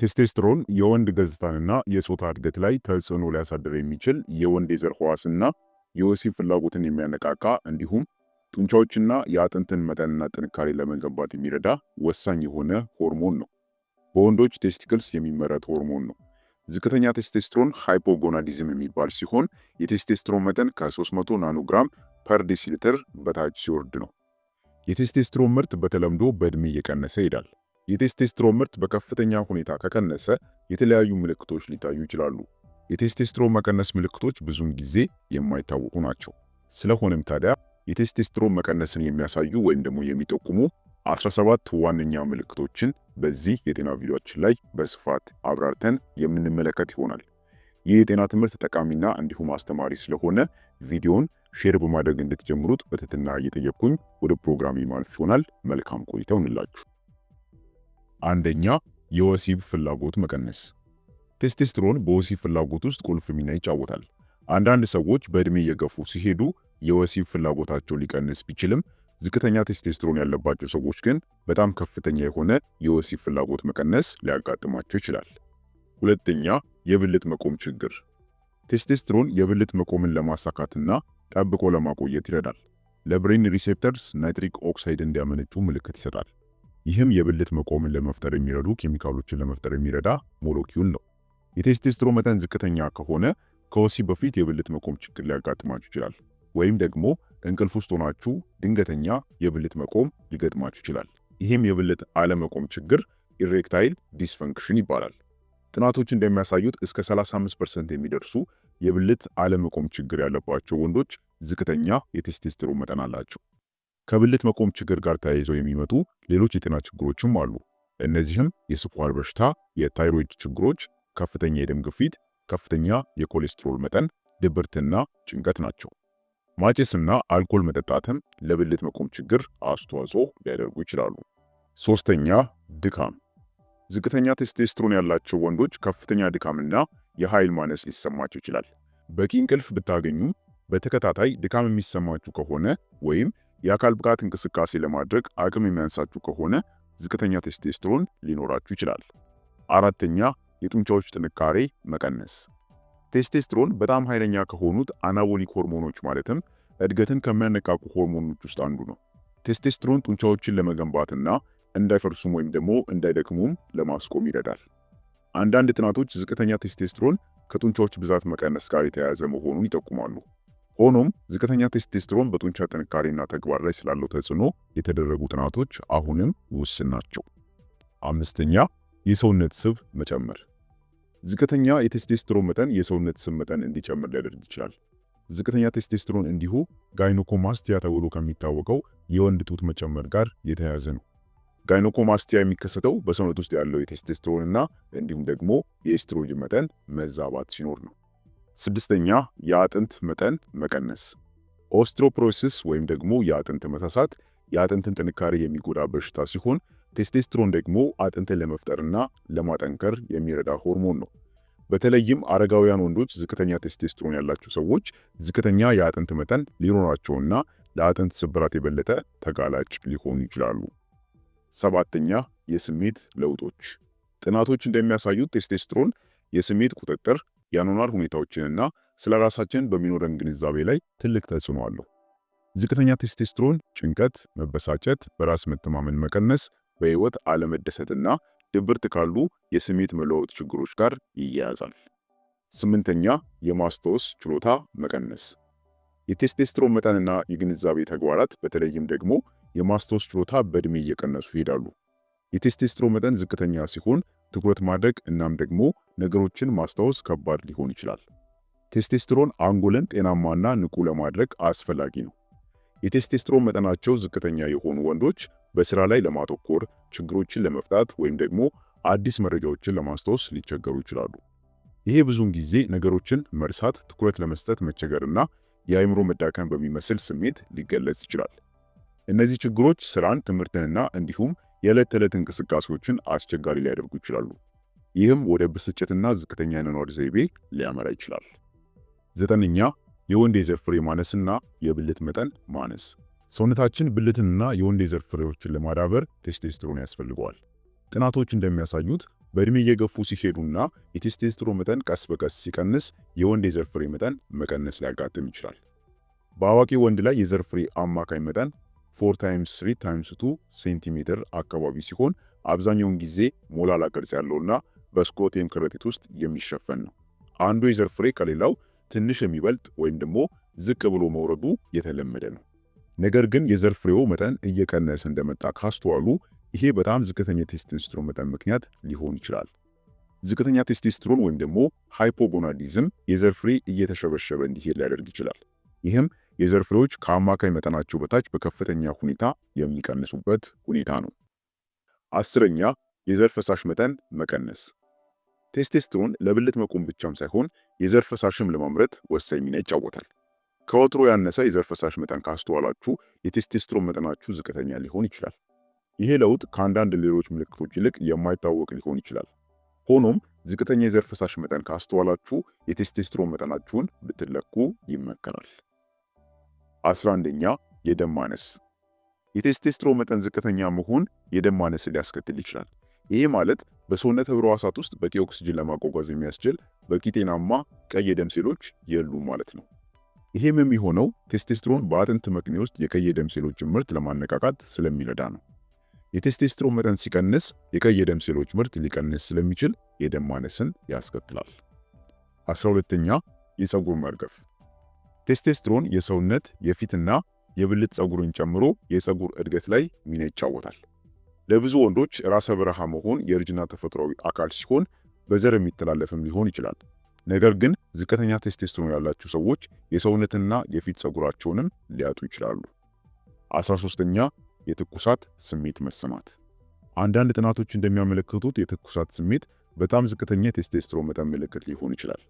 ቴስቴስትሮን የወንድ ገጽታንና የጾታ እድገት ላይ ተጽዕኖ ሊያሳድር የሚችል የወንድ የዘር ህዋስና የወሲብ ፍላጎትን የሚያነቃቃ እንዲሁም ጡንቻዎችና የአጥንትን መጠንና ጥንካሬ ለመገንባት የሚረዳ ወሳኝ የሆነ ሆርሞን ነው። በወንዶች ቴስቲክልስ የሚመረት ሆርሞን ነው። ዝቅተኛ ቴስቴስትሮን ሃይፖጎናዲዝም የሚባል ሲሆን የቴስቴስትሮን መጠን ከ300 ናኖግራም ፐር በታች ሲወርድ ነው። የቴስቴስትሮን ምርት በተለምዶ በዕድሜ እየቀነሰ ይሄዳል። የቴስቴስትሮን ምርት በከፍተኛ ሁኔታ ከቀነሰ የተለያዩ ምልክቶች ሊታዩ ይችላሉ። የቴስቴስትሮን መቀነስ ምልክቶች ብዙውን ጊዜ የማይታወቁ ናቸው። ስለሆነም ታዲያ የቴስቴስትሮን መቀነስን የሚያሳዩ ወይም ደግሞ የሚጠቁሙ 17 ዋነኛ ምልክቶችን በዚህ የጤና ቪዲዮችን ላይ በስፋት አብራርተን የምንመለከት ይሆናል። ይህ የጤና ትምህርት ጠቃሚና እንዲሁም አስተማሪ ስለሆነ ቪዲዮን ሼር በማድረግ እንድትጀምሩት በትህትና እየጠየቅኩኝ ወደ ፕሮግራም ማለፍ ይሆናል። መልካም ቆይተው እንላችሁ። አንደኛ የወሲብ ፍላጎት መቀነስ። ቴስቴስትሮን በወሲብ ፍላጎት ውስጥ ቁልፍ ሚና ይጫወታል። አንዳንድ ሰዎች በእድሜ እየገፉ ሲሄዱ የወሲብ ፍላጎታቸው ሊቀንስ ቢችልም ዝቅተኛ ቴስቴስትሮን ያለባቸው ሰዎች ግን በጣም ከፍተኛ የሆነ የወሲብ ፍላጎት መቀነስ ሊያጋጥማቸው ይችላል። ሁለተኛ የብልት መቆም ችግር። ቴስቴስትሮን የብልት መቆምን ለማሳካትና ጠብቆ ለማቆየት ይረዳል። ለብሬን ሪሴፕተርስ ናይትሪክ ኦክሳይድ እንዲያመነጩ ምልክት ይሰጣል። ይህም የብልት መቆምን ለመፍጠር የሚረዱ ኬሚካሎችን ለመፍጠር የሚረዳ ሞለኪውል ነው። የቴስቴስትሮ መጠን ዝቅተኛ ከሆነ ከወሲብ በፊት የብልት መቆም ችግር ሊያጋጥማችሁ ይችላል። ወይም ደግሞ እንቅልፍ ውስጥ ሆናችሁ ድንገተኛ የብልት መቆም ሊገጥማችሁ ይችላል። ይህም የብልት አለመቆም ችግር ኢሬክታይል ዲስፈንክሽን ይባላል። ጥናቶች እንደሚያሳዩት እስከ 35% የሚደርሱ የብልት አለመቆም ችግር ያለባቸው ወንዶች ዝቅተኛ የቴስቴስትሮን መጠን አላቸው። ከብልት መቆም ችግር ጋር ተያይዘው የሚመጡ ሌሎች የጤና ችግሮችም አሉ። እነዚህም የስኳር በሽታ፣ የታይሮይድ ችግሮች፣ ከፍተኛ የደም ግፊት፣ ከፍተኛ የኮሌስትሮል መጠን፣ ድብርትና ጭንቀት ናቸው። ማጭስና አልኮል መጠጣትም ለብልት መቆም ችግር አስተዋጽኦ ሊያደርጉ ይችላሉ። ሶስተኛ ድካም። ዝቅተኛ ቴስቴስትሮን ያላቸው ወንዶች ከፍተኛ ድካምና የኃይል ማነስ ሊሰማቸው ይችላል። በቂ እንቅልፍ ብታገኙ በተከታታይ ድካም የሚሰማችሁ ከሆነ ወይም የአካል ብቃት እንቅስቃሴ ለማድረግ አቅም የሚያንሳችሁ ከሆነ ዝቅተኛ ቴስቴስትሮን ሊኖራችሁ ይችላል። አራተኛ የጡንቻዎች ጥንካሬ መቀነስ። ቴስቴስትሮን በጣም ኃይለኛ ከሆኑት አናቦሊክ ሆርሞኖች ማለትም እድገትን ከሚያነቃቁ ሆርሞኖች ውስጥ አንዱ ነው። ቴስቴስትሮን ጡንቻዎችን ለመገንባትና እንዳይፈርሱም ወይም ደግሞ እንዳይደክሙም ለማስቆም ይረዳል። አንዳንድ ጥናቶች ዝቅተኛ ቴስቴስትሮን ከጡንቻዎች ብዛት መቀነስ ጋር የተያያዘ መሆኑን ይጠቁማሉ። ሆኖም ዝቅተኛ ቴስቴስትሮን በጡንቻ ጥንካሬና ተግባር ላይ ስላለው ተጽዕኖ የተደረጉ ጥናቶች አሁንም ውስን ናቸው። አምስተኛ የሰውነት ስብ መጨመር። ዝቅተኛ የቴስቴስትሮን መጠን የሰውነት ስብ መጠን እንዲጨምር ሊያደርግ ይችላል። ዝቅተኛ ቴስቴስትሮን እንዲሁ ጋይኖኮማስቲያ ተብሎ ከሚታወቀው የወንድ ጡት መጨመር ጋር የተያያዘ ነው። ጋይኖኮማስቲያ የሚከሰተው በሰውነት ውስጥ ያለው የቴስቴስትሮን እና እንዲሁም ደግሞ የኤስትሮጅን መጠን መዛባት ሲኖር ነው። ስድስተኛ የአጥንት መጠን መቀነስ። ኦስትሮፕሮሲስ ወይም ደግሞ የአጥንት መሳሳት የአጥንትን ጥንካሬ የሚጎዳ በሽታ ሲሆን ቴስቴስትሮን ደግሞ አጥንትን ለመፍጠርና ለማጠንከር የሚረዳ ሆርሞን ነው። በተለይም አረጋውያን ወንዶች፣ ዝቅተኛ ቴስቴስትሮን ያላቸው ሰዎች ዝቅተኛ የአጥንት መጠን ሊኖራቸውና ለአጥንት ስብራት የበለጠ ተጋላጭ ሊሆኑ ይችላሉ። ሰባተኛ የስሜት ለውጦች። ጥናቶች እንደሚያሳዩት ቴስቴስትሮን የስሜት ቁጥጥር የአኗኗር ሁኔታዎችንና ስለ ራሳችን በሚኖረን ግንዛቤ ላይ ትልቅ ተጽዕኖ አለው። ዝቅተኛ ቴስቴስትሮን ጭንቀት፣ መበሳጨት፣ በራስ መተማመን መቀነስ፣ በህይወት አለመደሰትና ድብርት ካሉ የስሜት መለወጥ ችግሮች ጋር ይያያዛል። ስምንተኛ የማስታወስ ችሎታ መቀነስ። የቴስቴስትሮን መጠንና የግንዛቤ ተግባራት በተለይም ደግሞ የማስታወስ ችሎታ በእድሜ እየቀነሱ ይሄዳሉ። የቴስቴስትሮን መጠን ዝቅተኛ ሲሆን ትኩረት ማድረግ እናም ደግሞ ነገሮችን ማስታወስ ከባድ ሊሆን ይችላል። ቴስቴስትሮን አንጎልን ጤናማና ንቁ ለማድረግ አስፈላጊ ነው። የቴስቴስትሮን መጠናቸው ዝቅተኛ የሆኑ ወንዶች በስራ ላይ ለማተኮር፣ ችግሮችን ለመፍታት ወይም ደግሞ አዲስ መረጃዎችን ለማስታወስ ሊቸገሩ ይችላሉ። ይሄ ብዙውን ጊዜ ነገሮችን መርሳት፣ ትኩረት ለመስጠት መቸገርና የአእምሮ መዳከም በሚመስል ስሜት ሊገለጽ ይችላል። እነዚህ ችግሮች ስራን፣ ትምህርትንና እንዲሁም የዕለት ተዕለት እንቅስቃሴዎችን አስቸጋሪ ሊያደርጉ ይችላሉ። ይህም ወደ ብስጭትና ዝቅተኛ የኑሮ ዘይቤ ሊያመራ ይችላል። ዘጠነኛ የወንድ የዘር ፍሬ ማነስና የብልት መጠን ማነስ። ሰውነታችን ብልትንና የወንድ የዘር ፍሬዎችን ለማዳበር ቴስቴስትሮን ያስፈልገዋል። ጥናቶች እንደሚያሳዩት በእድሜ እየገፉ ሲሄዱና የቴስቴስትሮን መጠን ቀስ በቀስ ሲቀንስ የወንድ የዘር ፍሬ መጠን መቀነስ ሊያጋጥም ይችላል። በአዋቂ ወንድ ላይ የዘር ፍሬ አማካኝ መጠን ፎር ታይምስ ስሪ ታይምስ ቱ ሴንቲሜትር አካባቢ ሲሆን አብዛኛውን ጊዜ ሞላላ ቅርጽ ያለውና በስኮቴም ከረጢት ውስጥ የሚሸፈን ነው። አንዱ የዘር ፍሬ ከሌላው ትንሽ የሚበልጥ ወይም ደግሞ ዝቅ ብሎ መውረዱ የተለመደ ነው። ነገር ግን የዘር ፍሬው መጠን እየቀነሰ እንደመጣ ካስተዋሉ ይሄ በጣም ዝቅተኛ ቴስቶስትሮን መጠን ምክንያት ሊሆን ይችላል። ዝቅተኛ ቴስቶስትሮን ወይም ደግሞ ሃይፖጎናዲዝም የዘር ፍሬ እየተሸበሸበ እንዲሄድ ሊያደርግ ይችላል። ይህም የዘር ፍሬዎች ከአማካይ መጠናቸው በታች በከፍተኛ ሁኔታ የሚቀንሱበት ሁኔታ ነው። አስረኛ የዘር ፈሳሽ መጠን መቀነስ። ቴስቴስትሮን ለብልት መቆም ብቻም ሳይሆን የዘር ፈሳሽም ለማምረት ወሳኝ ሚና ይጫወታል። ከወትሮ ያነሰ የዘር ፈሳሽ መጠን ካስተዋላችሁ የቴስቴስትሮን መጠናችሁ ዝቅተኛ ሊሆን ይችላል። ይሄ ለውጥ ከአንዳንድ ሌሎች ምልክቶች ይልቅ የማይታወቅ ሊሆን ይችላል። ሆኖም ዝቅተኛ የዘር ፈሳሽ መጠን ካስተዋላችሁ የቴስቴስትሮን መጠናችሁን ብትለኩ ይመከራል። 11ኛ የደም ማነስ የቴስቴስትሮ መጠን ዝቅተኛ መሆን የደም ሊያስከትል ይችላል። ይሄ ማለት በሰውነት ህብረዋሳት ውስጥ በቂ ኦክስጅን ለማጓጓዝ የሚያስችል በቂ ጤናማ ቀይ የደም ሴሎች የሉም ማለት ነው። ይሄም የሚሆነው ቴስቴስትሮን በአጥንት መቅኔ ውስጥ የቀይ የደም ሴሎችን ምርት ለማነቃቃት ስለሚረዳ ነው። የቴስቴስትሮን መጠን ሲቀንስ የቀይ የደም ሴሎች ምርት ሊቀንስ ስለሚችል የደም ማነስን ያስከትላል። 12ኛ የፀጉር መርገፍ ቴስቴስትሮን የሰውነት የፊትና የብልት ፀጉርን ጨምሮ የፀጉር እድገት ላይ ሚና ይጫወታል። ለብዙ ወንዶች ራሰ በረሃ መሆን የእርጅና ተፈጥሯዊ አካል ሲሆን በዘር የሚተላለፍም ሊሆን ይችላል። ነገር ግን ዝቅተኛ ቴስቴስትሮን ያላቸው ሰዎች የሰውነትና የፊት ፀጉራቸውንም ሊያጡ ይችላሉ። 13ኛ የትኩሳት ስሜት መሰማት። አንዳንድ ጥናቶች እንደሚያመለክቱት የትኩሳት ስሜት በጣም ዝቅተኛ የቴስቴስትሮን መጠን ምልክት ሊሆን ይችላል።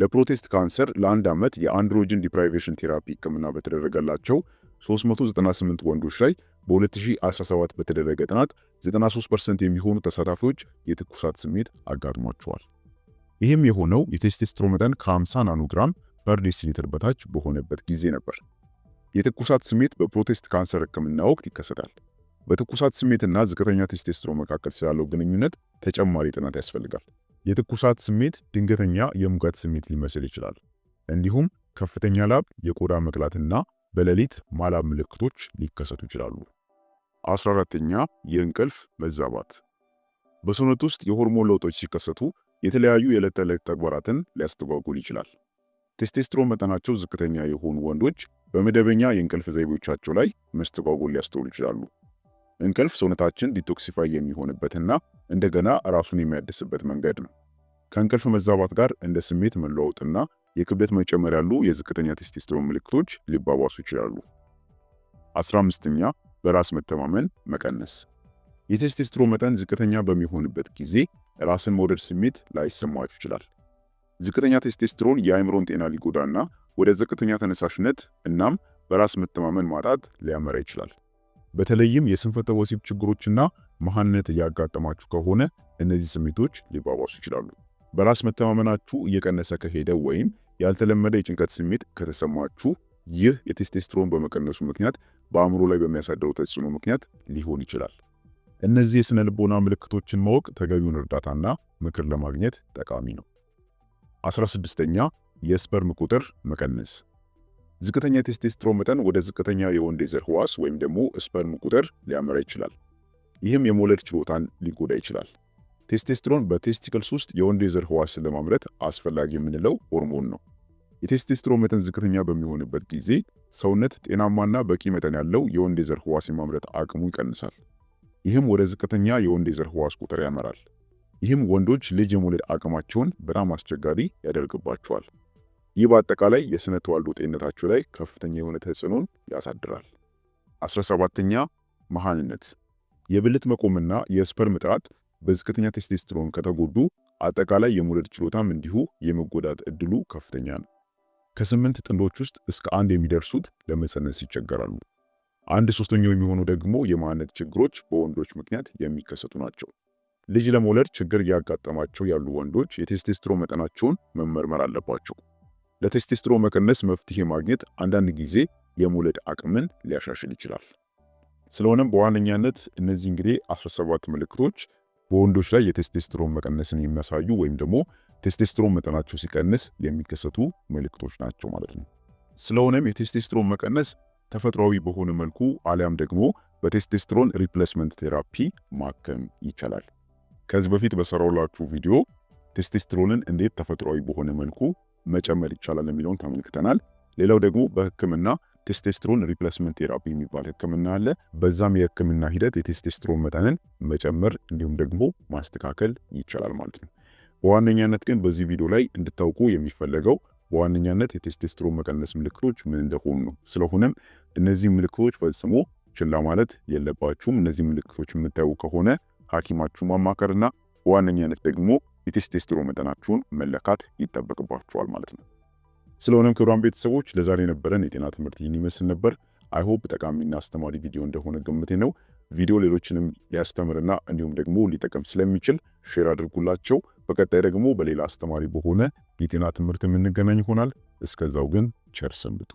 ለፕሮቴስት ካንሰር ለአንድ ዓመት የአንድሮጅን ዲፕራይቬሽን ቴራፒ ህክምና በተደረገላቸው 398 ወንዶች ላይ በ2017 በተደረገ ጥናት 93% የሚሆኑ ተሳታፊዎች የትኩሳት ስሜት አጋጥሟቸዋል። ይህም የሆነው የቴስቴስትሮ መጠን ከ50 ናኖግራም ፐር ዴሲሊትር በታች በሆነበት ጊዜ ነበር። የትኩሳት ስሜት በፕሮቴስት ካንሰር ህክምና ወቅት ይከሰታል። በትኩሳት ስሜትና ዝቅተኛ ቴስቴስትሮ መካከል ስላለው ግንኙነት ተጨማሪ ጥናት ያስፈልጋል። የትኩሳት ስሜት ድንገተኛ የሙቀት ስሜት ሊመስል ይችላል። እንዲሁም ከፍተኛ ላብ፣ የቆዳ መቅላትና በሌሊት ማላብ ምልክቶች ሊከሰቱ ይችላሉ። 14ተኛ የእንቅልፍ መዛባት። በሰውነት ውስጥ የሆርሞን ለውጦች ሲከሰቱ የተለያዩ የዕለት ተዕለት ተግባራትን ሊያስተጓጉል ይችላል። ቴስቴስትሮን መጠናቸው ዝቅተኛ የሆኑ ወንዶች በመደበኛ የእንቅልፍ ዘይቤዎቻቸው ላይ መስተጓጎል ሊያስተውሉ ይችላሉ። እንቅልፍ ሰውነታችን ዲቶክሲፋይ የሚሆንበትና እንደገና ራሱን የሚያድስበት መንገድ ነው። ከእንቅልፍ መዛባት ጋር እንደ ስሜት መለዋወጥና የክብደት መጨመር ያሉ የዝቅተኛ ቴስቴስትሮን ምልክቶች ሊባባሱ ይችላሉ። 15 15ኛ በራስ መተማመን መቀነስ። የቴስቴስትሮን መጠን ዝቅተኛ በሚሆንበት ጊዜ ራስን መውደድ ስሜት ላይሰማችሁ ይችላል። ዝቅተኛ ቴስቲስትሮን የአእምሮን ጤና ሊጎዳና ወደ ዝቅተኛ ተነሳሽነት እናም በራስ መተማመን ማጣት ሊያመራ ይችላል። በተለይም የስንፈተ ወሲብ ችግሮችና መሀንነት እያጋጠማችሁ ከሆነ እነዚህ ስሜቶች ሊባባሱ ይችላሉ። በራስ መተማመናችሁ እየቀነሰ ከሄደ ወይም ያልተለመደ የጭንቀት ስሜት ከተሰማችሁ ይህ የቴስቴስትሮን በመቀነሱ ምክንያት በአእምሮ ላይ በሚያሳደረው ተጽዕኖ ምክንያት ሊሆን ይችላል። እነዚህ የስነ ልቦና ምልክቶችን ማወቅ ተገቢውን እርዳታና ምክር ለማግኘት ጠቃሚ ነው። 16 16ኛ የስፐርም ቁጥር መቀነስ ዝቅተኛ የቴስቴስትሮን መጠን ወደ ዝቅተኛ የወንድ የዘር ህዋስ ወይም ደግሞ ስፐርም ቁጥር ሊያመራ ይችላል። ይህም የመውለድ ችሎታን ሊጎዳ ይችላል። ቴስቴስትሮን በቴስቲክልስ ውስጥ የወንድ የዘር ህዋስን ለማምረት አስፈላጊ የምንለው ሆርሞን ነው። የቴስቴስትሮን መጠን ዝቅተኛ በሚሆንበት ጊዜ ሰውነት ጤናማና በቂ መጠን ያለው የወንድ የዘር ህዋስ የማምረት አቅሙ ይቀንሳል። ይህም ወደ ዝቅተኛ የወንድ የዘር ህዋስ ቁጥር ያመራል። ይህም ወንዶች ልጅ የመውለድ አቅማቸውን በጣም አስቸጋሪ ያደርግባቸዋል። ይህ በአጠቃላይ የስነ ተዋልዶ ጤንነታችሁ ላይ ከፍተኛ የሆነ ተጽዕኖን ያሳድራል አስራ 1ሰባተኛ መሃንነት የብልት መቆምና የስፐርም እጥረት በዝቅተኛ ቴስቴስትሮን ከተጎዱ አጠቃላይ የመውለድ ችሎታም እንዲሁ የመጎዳት እድሉ ከፍተኛ ነው። ከስምንት ጥንዶች ውስጥ እስከ አንድ የሚደርሱት ለመሰነስ ይቸገራሉ። አንድ ሶስተኛው የሚሆኑ ደግሞ የመሃንነት ችግሮች በወንዶች ምክንያት የሚከሰቱ ናቸው። ልጅ ለመውለድ ችግር እያጋጠማቸው ያሉ ወንዶች የቴስቴስትሮን መጠናቸውን መመርመር አለባቸው። ለቴስቴስትሮን መቀነስ መፍትሄ ማግኘት አንዳንድ ጊዜ የመውለድ አቅምን ሊያሻሽል ይችላል። ስለሆነም በዋነኛነት እነዚህ እንግዲህ 17 ምልክቶች በወንዶች ላይ የቴስቴስትሮን መቀነስን የሚያሳዩ ወይም ደግሞ ቴስቴስትሮን መጠናቸው ሲቀንስ የሚከሰቱ ምልክቶች ናቸው ማለት ነው። ስለሆነም የቴስቴስትሮን መቀነስ ተፈጥሯዊ በሆነ መልኩ አሊያም ደግሞ በቴስቴስትሮን ሪፕሌስመንት ቴራፒ ማከም ይቻላል። ከዚህ በፊት በሰራውላችሁ ቪዲዮ ቴስቴስትሮንን እንዴት ተፈጥሯዊ በሆነ መልኩ መጨመር ይቻላል የሚለውን ተመልክተናል። ሌላው ደግሞ በህክምና ቴስቴስትሮን ሪፕሌስመንት ቴራፒ የሚባል ህክምና አለ። በዛም የህክምና ሂደት የቴስቴስትሮን መጠንን መጨመር እንዲሁም ደግሞ ማስተካከል ይቻላል ማለት ነው። በዋነኛነት ግን በዚህ ቪዲዮ ላይ እንድታውቁ የሚፈለገው በዋነኛነት የቴስቴስትሮን መቀነስ ምልክቶች ምን እንደሆኑ ነው። ስለሆነም እነዚህ ምልክቶች ፈጽሞ ችላ ማለት የለባችሁም። እነዚህ ምልክቶች የምታዩ ከሆነ ሐኪማችሁ ማማከርና በዋነኛነት ደግሞ የቴስቴስትሮን መጠናችሁን መለካት ይጠበቅባችኋል ማለት ነው። ስለሆነም ክቡራን ቤተሰቦች ለዛሬ የነበረን የጤና ትምህርት ይህን ይመስል ነበር። አይሆፕ ጠቃሚና አስተማሪ ቪዲዮ እንደሆነ ግምቴ ነው። ቪዲዮ ሌሎችንም ሊያስተምርና እንዲሁም ደግሞ ሊጠቅም ስለሚችል ሼር አድርጉላቸው። በቀጣይ ደግሞ በሌላ አስተማሪ በሆነ የጤና ትምህርት የምንገናኝ ይሆናል። እስከዛው ግን ቸር ሰንብቱ።